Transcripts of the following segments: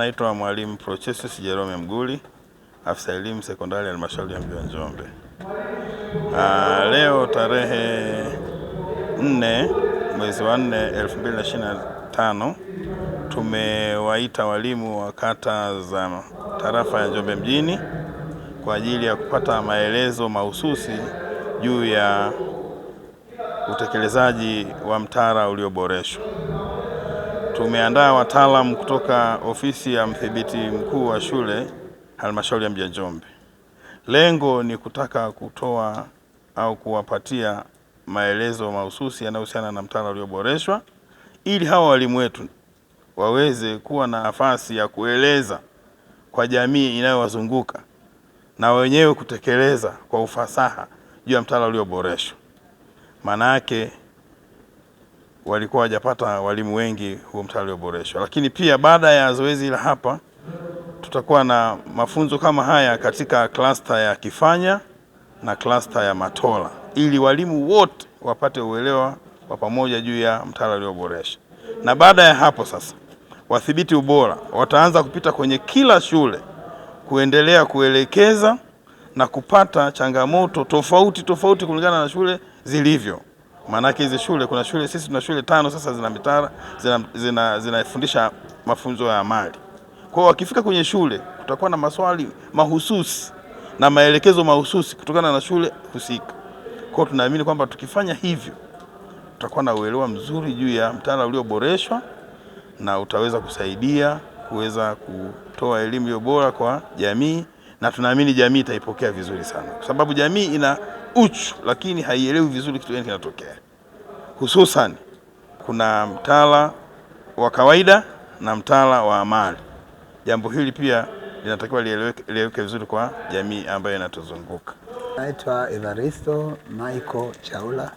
Naitwa Mwalimu Prochesus Jerome Mguli, afisa elimu sekondari halmashauri ya mji wa Njombe. Ah, leo tarehe 4 mwezi wa 4 2025, tumewaita walimu wa kata za tarafa ya Njombe mjini kwa ajili ya kupata maelezo mahususi juu ya utekelezaji wa mtaala ulioboreshwa tumeandaa wataalamu kutoka ofisi ya mdhibiti mkuu wa shule halmashauri ya mji wa Njombe. Lengo ni kutaka kutoa au kuwapatia maelezo mahususi yanayohusiana na mtaala ulioboreshwa ili hawa walimu wetu waweze kuwa na nafasi ya kueleza kwa jamii inayowazunguka na wenyewe kutekeleza kwa ufasaha juu ya mtaala ulioboreshwa maana yake walikuwa hawajapata walimu wengi huo mtaala ulioboreshwa. Lakini pia baada ya zoezi la hapa, tutakuwa na mafunzo kama haya katika klasta ya Kifanya na klasta ya Matola ili walimu wote wapate uelewa wa pamoja juu ya mtaala ulioboreshwa. Na baada ya hapo sasa, wathibiti ubora wataanza kupita kwenye kila shule kuendelea kuelekeza na kupata changamoto tofauti tofauti kulingana na shule zilivyo maanake hizi shule kuna shule sisi tuna shule tano sasa zina mitara zinafundisha zina, zina mafunzo ya amali. Kwa hiyo wakifika kwenye shule kutakuwa na maswali mahususi na maelekezo mahususi kutokana na shule husika. Kwa hiyo tunaamini kwamba tukifanya hivyo tutakuwa na uelewa mzuri juu ya mtaala ulioboreshwa na utaweza kusaidia kuweza kutoa elimu iliyo bora kwa jamii na tunaamini jamii itaipokea vizuri sana, kwa sababu jamii ina uchu, lakini haielewi vizuri kitu gani kinatokea. Hususan kuna mtaala wa kawaida na mtaala wa amali. Jambo hili pia linatakiwa lieleweke vizuri kwa jamii ambayo inatuzunguka. Naitwa Evaristo Michael Chaula,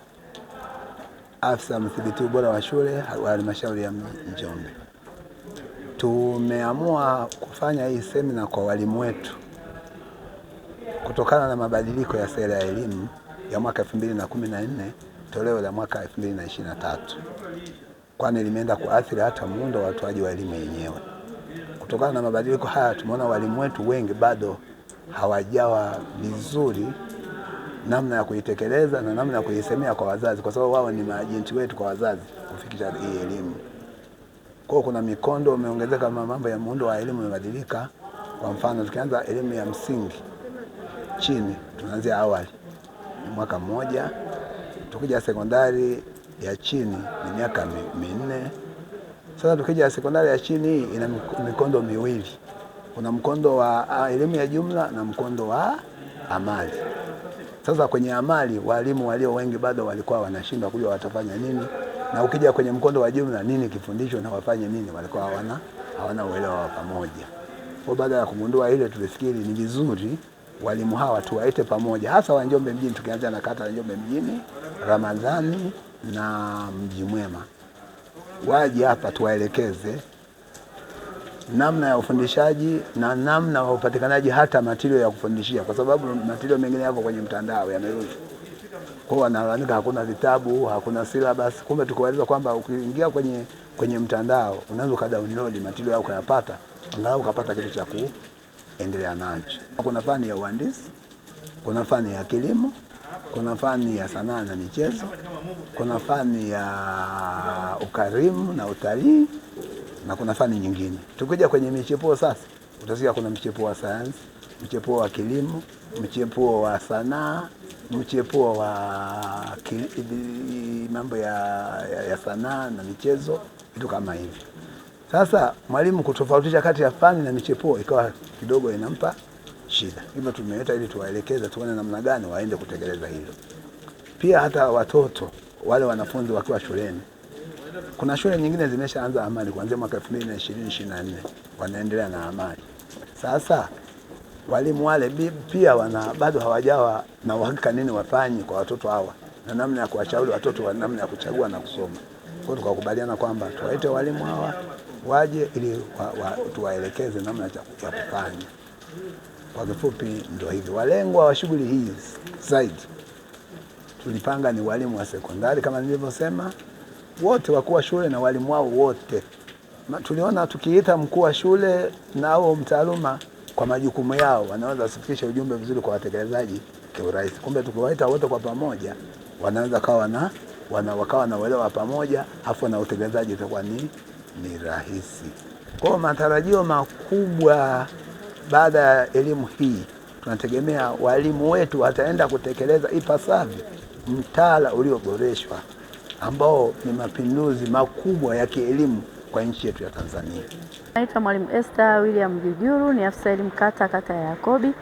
afisa mdhibiti ubora wa shule wa halmashauri ya Njombe. Tumeamua kufanya hii semina kwa walimu wetu Kutokana na mabadiliko ya sera ya elimu ya mwaka 2014 toleo la mwaka 2023, kwani limeenda kuathiri hata muundo wa utoaji wa elimu yenyewe. Kutokana na mabadiliko haya, tumeona walimu wetu wengi bado hawajawa vizuri namna ya kuitekeleza na namna ya kuisemea kwa wazazi, kwa sababu wao ni maajenti wetu kwa wazazi kufikisha hii elimu. Kwa kuna mikondo umeongezeka, mambo ya muundo wa elimu imebadilika. Kwa mfano tukianza elimu ya msingi chini, tunaanzia awali ni mwaka mmoja, tukija sekondari ya chini ni miaka minne. Sasa tukija sekondari ya chini ina mikondo miwili, kuna mkondo wa elimu ya jumla na mkondo wa amali. Sasa kwenye amali walimu walio wengi bado walikuwa wanashindwa kujua watafanya nini, na ukija kwenye mkondo wa jumla nini kifundisho na wafanye nini, walikuwa hawana hawana uelewa wa pamoja. Kwa baada ya kugundua ile, tulifikiri ni vizuri walimu hawa tuwaite pamoja, hasa wa Njombe mjini, tukianza na kata ya Njombe mjini, Ramadhani na Mji Mwema, waje hapa tuwaelekeze namna ya ufundishaji na namna ya upatikanaji hata matirio ya kufundishia, kwa sababu matirio mengine yako kwenye mtandao yamerudi. Kwa hiyo wanalalamika hakuna vitabu, hakuna syllabus. Kumbe tukiwaeleza kwamba ukiingia kwenye, kwenye mtandao unaweza ukadownload matirio yako, unayapata angalau ukapata kitu cha endelea nacho. Kuna fani ya uhandisi, kuna fani ya kilimo, kuna fani ya sanaa na michezo, kuna fani ya ukarimu na utalii na kuna fani nyingine. Tukija kwenye michepuo sasa, utasikia kuna mchepuo wa sayansi, mchepuo wa kilimo, mchepuo wa sanaa, mchepuo wa mambo ya, ya, ya sanaa na michezo, vitu kama hivyo. Sasa mwalimu kutofautisha kati ya fani na michepuo ikawa kidogo inampa shida, hivyo tumeleta ili tuwaelekeze, tuone namna gani waende kutekeleza hilo. Pia hata watoto wale wanafunzi wakiwa shuleni, kuna shule nyingine zimeshaanza amali kuanzia mwaka 2020 2024 wanaendelea na amali. Sasa walimu wale pia wana bado hawajawa na uhakika nini wafanye kwa watoto hawa na namna ya kuwashauri watoto wa namna ya kuchagua na kusoma. Kwa hiyo tukakubaliana kwamba tuwaite walimu hawa waje ili wa, wa, tuwaelekeze namna ya kufanya. Kwa kifupi, ndio hivyo. Walengwa wa shughuli hii zaidi tulipanga ni walimu wa sekondari kama nilivyosema, wote wakuu wa shule na walimu wao wote. Tuliona tukiita mkuu wa shule na au mtaaluma kwa majukumu yao, wanaweza wasifikishe ujumbe vizuri kwa watekelezaji kiurahisi. Kumbe tukiwaita wote kwa pamoja, wanaweza kawa na wana wakawa na uelewa pamoja, afu na utekelezaji utakuwa ni ni rahisi. Kwa matarajio makubwa baada ya elimu hii tunategemea walimu wetu wataenda kutekeleza ipasavyo mtaala ulioboreshwa ambao ni mapinduzi makubwa ya kielimu kwa nchi yetu ya Tanzania. Naitwa Mwalimu Esther William Jujuru, ni afisa elimu kata kata ya Yakobi.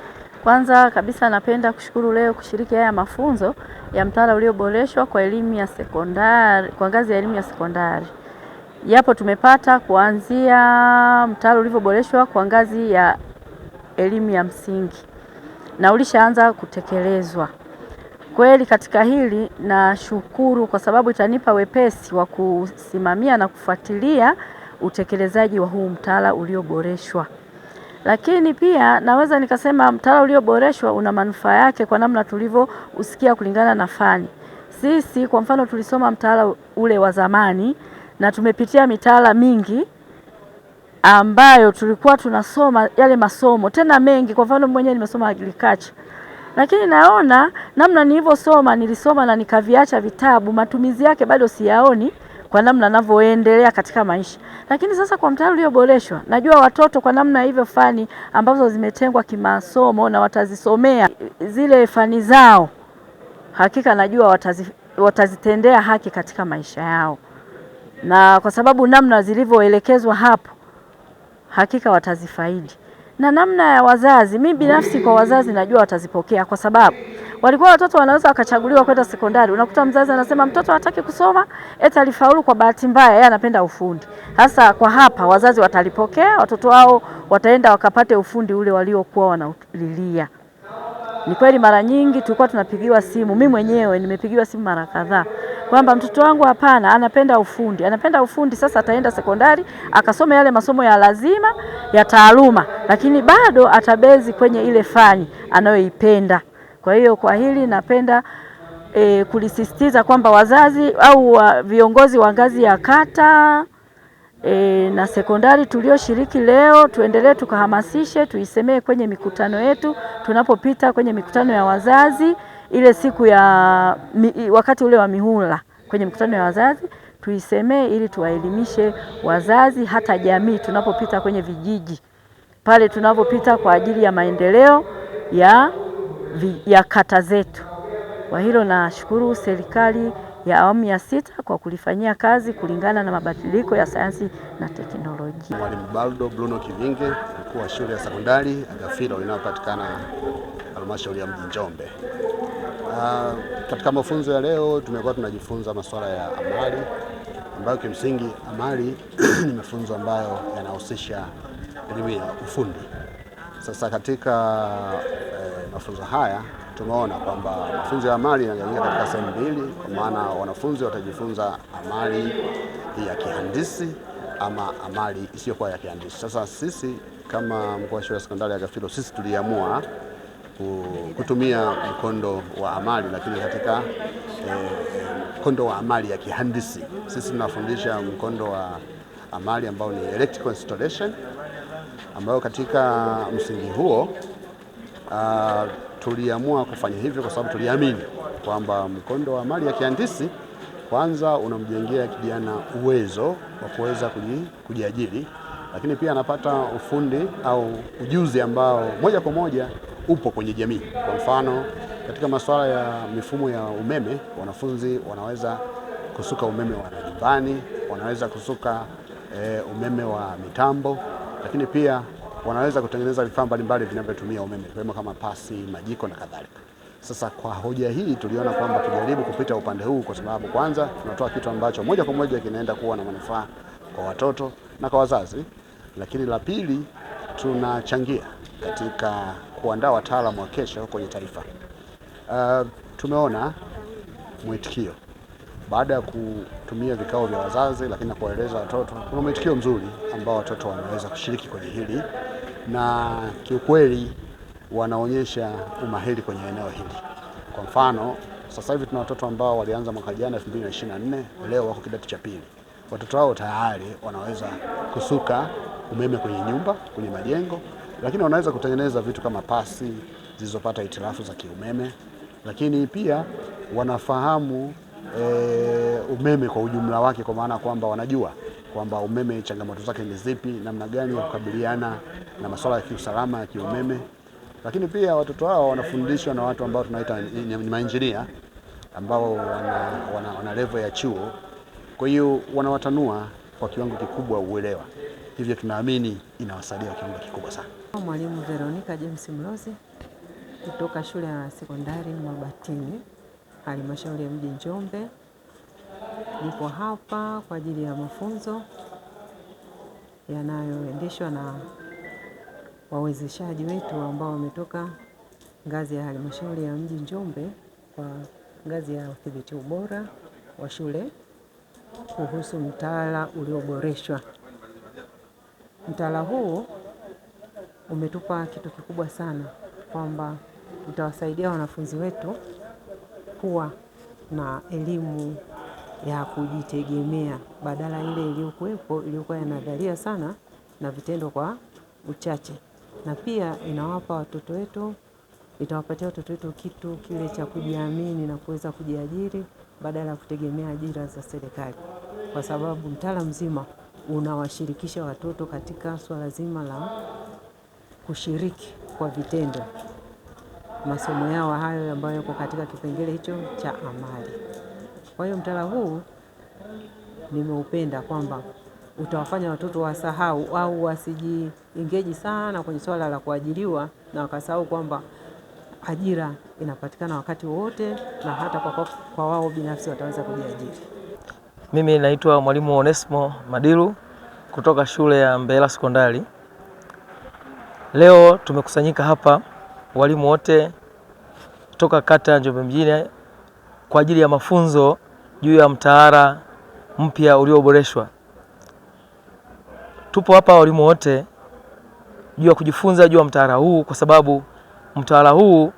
Kwanza kabisa napenda kushukuru leo kushiriki haya mafunzo ya mtaala ulioboreshwa kwa elimu ya sekondari, kwa ngazi ya elimu ya sekondari yapo tumepata kuanzia mtaala ulivyoboreshwa kwa ngazi ya elimu ya msingi na ulishaanza kutekelezwa. Kweli katika hili nashukuru kwa sababu itanipa wepesi wa kusimamia na kufuatilia utekelezaji wa huu mtaala ulioboreshwa. Lakini pia naweza nikasema mtaala ulioboreshwa una manufaa yake kwa namna tulivyousikia kulingana na fani. Sisi kwa mfano tulisoma mtaala ule wa zamani na tumepitia mitaala mingi ambayo tulikuwa tunasoma yale masomo tena mengi. Kwa mfano mwenyewe nimesoma agriculture, lakini naona namna nilivyosoma, nilisoma na nikaviacha vitabu, matumizi yake bado siyaoni kwa namna ninavyoendelea katika maisha. Lakini sasa kwa mtaala ulioboreshwa, najua watoto kwa namna hivyo fani ambazo zimetengwa kimasomo na watazisomea zile fani zao, hakika najua watazi, watazitendea haki katika maisha yao na kwa sababu namna zilivyoelekezwa hapo hakika watazifaidi na namna ya wazazi. Mimi binafsi kwa wazazi najua watazipokea, kwa sababu walikuwa watoto wanaweza wakachaguliwa kwenda sekondari. Unakuta mzazi anasema mtoto hataki kusoma, eti alifaulu kwa bahati mbaya, yeye anapenda ufundi. Hasa kwa hapa wazazi watalipokea, watoto wao wataenda wakapate ufundi ule waliokuwa wanalilia. Ni kweli mara nyingi tulikuwa tunapigiwa simu, mimi mwenyewe nimepigiwa simu mara kadhaa kwamba mtoto wangu hapana, anapenda ufundi, anapenda ufundi. Sasa ataenda sekondari akasome yale masomo ya lazima ya taaluma, lakini bado atabezi kwenye ile fani anayoipenda. Kwa hiyo kwa hili napenda e, kulisisitiza kwamba wazazi au wa, viongozi wa ngazi ya kata E, na sekondari tulioshiriki leo, tuendelee tukahamasishe, tuisemee kwenye mikutano yetu, tunapopita kwenye mikutano ya wazazi ile siku ya wakati ule wa mihula kwenye mkutano wa wazazi tuisemee, ili tuwaelimishe wazazi, hata jamii, tunapopita kwenye vijiji pale tunapopita kwa ajili ya maendeleo ya, ya kata zetu. Kwa hilo nashukuru serikali ya awamu ya sita kwa kulifanyia kazi kulingana na mabadiliko ya sayansi na teknolojia. Mwalimu Baldo Bruno Kivinge, mkuu wa shule ya sekondari Agafilo inayopatikana halmashauri ya mji Njombe. Uh, katika mafunzo ya leo tumekuwa tunajifunza masuala ya amali ambayo kimsingi amali ni mafunzo ambayo yanahusisha elimu ya ufundi. Sasa katika eh, mafunzo haya tumeona kwamba mafunzo ya amali yanagawanyika katika sehemu mbili, kwa maana wanafunzi watajifunza amali ya kihandisi ama amali isiyokuwa ya kihandisi. Sasa sisi kama mkuu wa shule ya sekondari ya Gafilo, sisi tuliamua kutumia mkondo wa amali, lakini katika eh, mkondo wa amali ya kihandisi. Sisi tunafundisha mkondo wa amali ambao ni electrical installation, ambayo katika msingi huo uh, tuliamua kufanya hivyo kwa sababu tuliamini kwamba mkondo wa amali ya kihandisi kwanza unamjengea kijana uwezo wa kuweza kujiajiri, lakini pia anapata ufundi au ujuzi ambao moja kwa moja upo kwenye jamii. Kwa mfano katika masuala ya mifumo ya umeme, wanafunzi wanaweza kusuka umeme wa nyumbani, wanaweza kusuka e, umeme wa mitambo, lakini pia wanaweza kutengeneza vifaa mbalimbali vinavyotumia umeme ikiwemo kama pasi, majiko na kadhalika. Sasa kwa hoja hii tuliona kwamba tujaribu kupita upande huu, kwa sababu kwanza tunatoa kitu ambacho moja kwa moja kinaenda kuwa na manufaa kwa watoto na kwa wazazi, lakini la pili tunachangia katika kuandaa wataalamu wa kesho kwenye taifa. Uh, tumeona mwitikio baada ya kutumia vikao vya wazazi, lakini na kuwaeleza watoto, kuna mwitikio mzuri ambao watoto wanaweza kushiriki kwenye hili, na kiukweli wanaonyesha umahiri kwenye eneo hili. Kwa mfano, sasa hivi tuna watoto ambao walianza mwaka jana 2024 leo wako kidato cha pili. Watoto hao tayari wanaweza kusuka umeme kwenye nyumba, kwenye majengo lakini wanaweza kutengeneza vitu kama pasi zilizopata hitilafu za kiumeme, lakini pia wanafahamu e, umeme kwa ujumla wake, kwa maana kwamba wanajua kwamba umeme changamoto zake ni zipi, namna gani ya kukabiliana na masuala ya kiusalama ya kiumeme. Lakini pia watoto hao wanafundishwa na watu ambao tunaita ni mainjinia ambao wana, wana, wana level ya chuo, kwa hiyo wanawatanua kwa kiwango kikubwa uelewa hivyo tunaamini inawasaidia kiwango kikubwa sana. Mwalimu Veronica James Mlozi kutoka shule ya sekondari Mwabatini, halmashauri ya mji Njombe. Nipo hapa kwa ajili ya mafunzo yanayoendeshwa na wawezeshaji wetu ambao wametoka ngazi ya halmashauri ya mji Njombe kwa ngazi ya udhibiti ubora wa shule kuhusu mtaala ulioboreshwa. Mtaala huu umetupa kitu kikubwa sana kwamba utawasaidia wanafunzi wetu kuwa na elimu ya kujitegemea badala ile iliyokuwepo iliyokuwa ya nadharia sana na vitendo kwa uchache, na pia inawapa watoto wetu, itawapatia watoto wetu kitu kile cha kujiamini na kuweza kujiajiri badala ya kutegemea ajira za serikali, kwa sababu mtaala mzima unawashirikisha watoto katika swala zima la kushiriki kwa vitendo masomo yao hayo ambayo yako katika kipengele hicho cha amali. Kwa hiyo mtaala huu nimeupenda kwamba utawafanya watoto wasahau au wasijiingeji sana kwenye swala la kuajiriwa na wakasahau kwamba ajira inapatikana wakati wote na hata kwa, kwa wao binafsi wataweza kujiajiri. Mimi naitwa Mwalimu Onesmo Madilu kutoka shule ya Mbela Sekondari. Leo tumekusanyika hapa walimu wote toka kata ya Njombe mjini kwa ajili ya mafunzo juu ya mtaala mpya ulioboreshwa. Tupo hapa walimu wote juu ya kujifunza juu ya mtaala huu, kwa sababu mtaala huu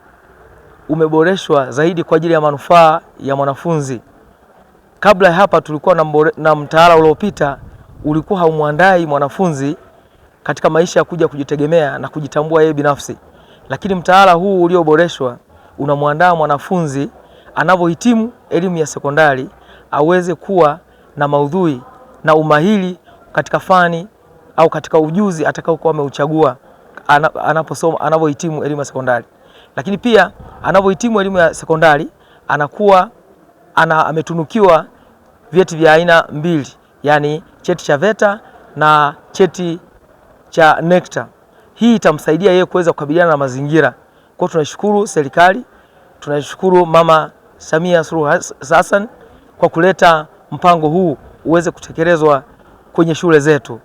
umeboreshwa zaidi kwa ajili ya manufaa ya mwanafunzi kabla ya hapa tulikuwa na, na mtaala uliopita ulikuwa haumwandai mwanafunzi katika maisha ya kuja kujitegemea na kujitambua yeye binafsi, lakini mtaala huu ulioboreshwa unamwandaa mwanafunzi anavyohitimu elimu ya sekondari aweze kuwa na maudhui na umahiri katika fani au katika ujuzi atakaokuwa ameuchagua anaposoma, anavyohitimu elimu ya sekondari. Lakini pia anavyohitimu elimu ya sekondari anakuwa ana, ametunukiwa vyeti vya aina mbili, yani cheti cha VETA na cheti cha NECTA. Hii itamsaidia yeye kuweza kukabiliana na mazingira. Kwa tunashukuru serikali, tunashukuru Mama Samia Suluhu Hassan kwa kuleta mpango huu uweze kutekelezwa kwenye shule zetu.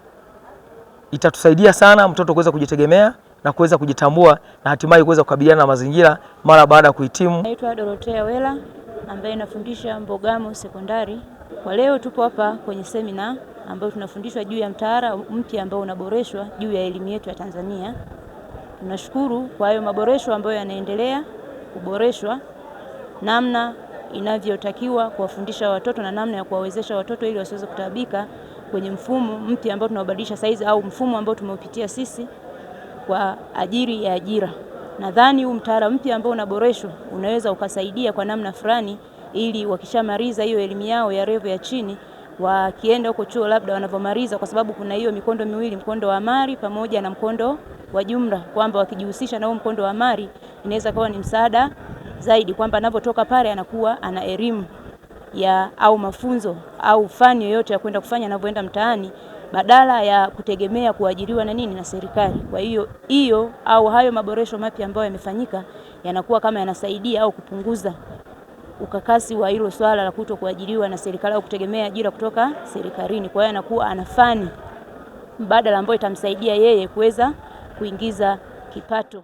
Itatusaidia sana mtoto kuweza kujitegemea na kuweza kujitambua na hatimaye kuweza kukabiliana na mazingira mara baada ya kuhitimu. Naitwa Dorothea Wela ambaye nafundisha Mbogamo Sekondari. Kwa leo tupo hapa kwenye semina ambayo tunafundishwa juu ya mtaala mpya ambao unaboreshwa juu ya elimu yetu ya Tanzania. Tunashukuru kwa hayo maboresho ambayo yanaendelea kuboreshwa, namna inavyotakiwa kuwafundisha watoto na namna ya kuwawezesha watoto ili wasiweze kutabika kwenye mfumo mpya ambao tunaubadilisha saizi au mfumo ambao tumeupitia sisi kwa ajili ya ajira. Nadhani huu mtaala mpya ambao unaboreshwa unaweza ukasaidia kwa namna fulani, ili wakishamaliza hiyo elimu yao ya revo ya chini, wakienda huko chuo labda wanavyomaliza, kwa sababu kuna hiyo mikondo miwili, mkondo wa amali pamoja na mkondo wa jumla, kwamba wakijihusisha na huo mkondo wa amali inaweza kawa ni msaada zaidi, kwamba anapotoka pale anakuwa ana elimu ya au mafunzo au fani yoyote ya kwenda kufanya anavyoenda mtaani badala ya kutegemea kuajiriwa na nini na serikali. Kwa hiyo hiyo au hayo maboresho mapya ambayo yamefanyika yanakuwa kama yanasaidia au kupunguza ukakasi wa hilo swala la kuto kuajiriwa na serikali au kutegemea ajira kutoka serikalini. Kwa hiyo anakuwa anafani mbadala ambayo itamsaidia yeye kuweza kuingiza kipato.